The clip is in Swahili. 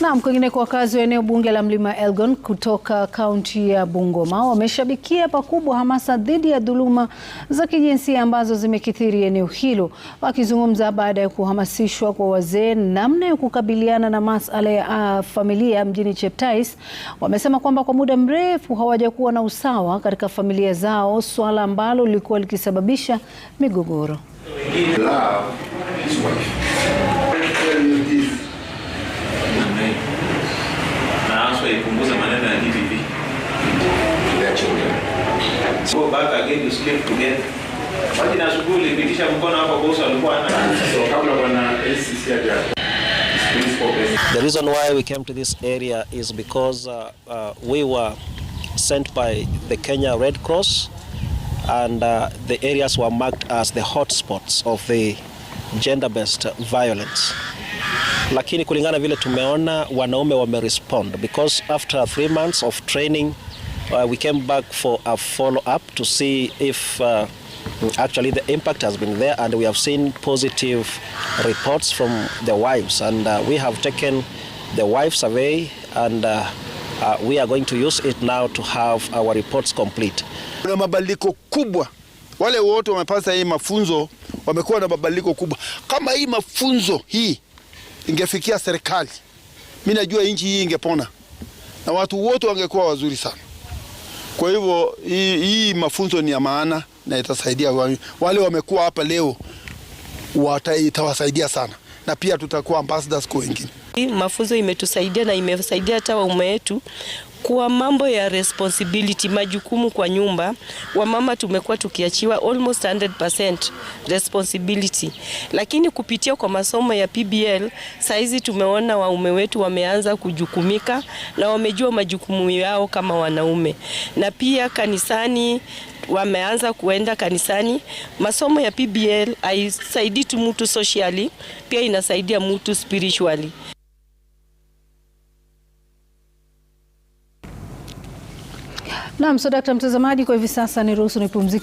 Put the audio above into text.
Naam, kwa wakazi wa eneo bunge la Mlima Elgon kutoka kaunti ya Bungoma wameshabikia pakubwa hamasa dhidi ya dhuluma za kijinsia ambazo zimekithiri eneo hilo. Wakizungumza baada ya kuhamasishwa kwa wazee namna ya kukabiliana na masuala ya uh, familia mjini Cheptais, wamesema kwamba kwa muda mrefu hawajakuwa na usawa katika familia zao, swala ambalo lilikuwa likisababisha migogoro. need to sleep together. Maji na shughuli, pitisha mkono hapo boss alikuwa ana. So kabla bwana ACC haja The reason why we came to this area is because uh, uh, we were sent by the Kenya Red Cross and uh, the areas were marked as the hotspots of the gender-based violence. Lakini kulingana vile tumeona wanaume wame respond because after three months of training Uh, we came back for a follow-up to see if uh, actually the impact has been there and we have seen positive reports from the wives and uh, we have taken the wife survey and uh, uh, we are going to use it now to have our reports complete. Kuna mabadiliko kubwa, wale wote wamepata hii mafunzo wamekuwa na mabadiliko kubwa. Kama hii mafunzo hii ingefikia serikali, mimi najua nchi hii ingepona na watu wote wangekuwa wazuri sana. Kwa hivyo hii, hii mafunzo ni ya maana na itasaidia wale wamekuwa hapa leo itawasaidia sana na pia tutakuwa ambassadors kwa wengine. Mafunzo imetusaidia na imesaidia hata waume wetu kwa mambo ya responsibility majukumu kwa nyumba, wamama tumekuwa tukiachiwa almost 100% responsibility, lakini kupitia kwa masomo ya PBL saizi tumeona waume wetu wameanza kujukumika na wamejua majukumu yao kama wanaume, na pia kanisani wameanza kuenda kanisani. Masomo ya PBL haisaidii tu mtu socially, pia inasaidia mtu spiritually. Naam, so dakta mtazamaji, kwa hivi sasa niruhusu nipumzike.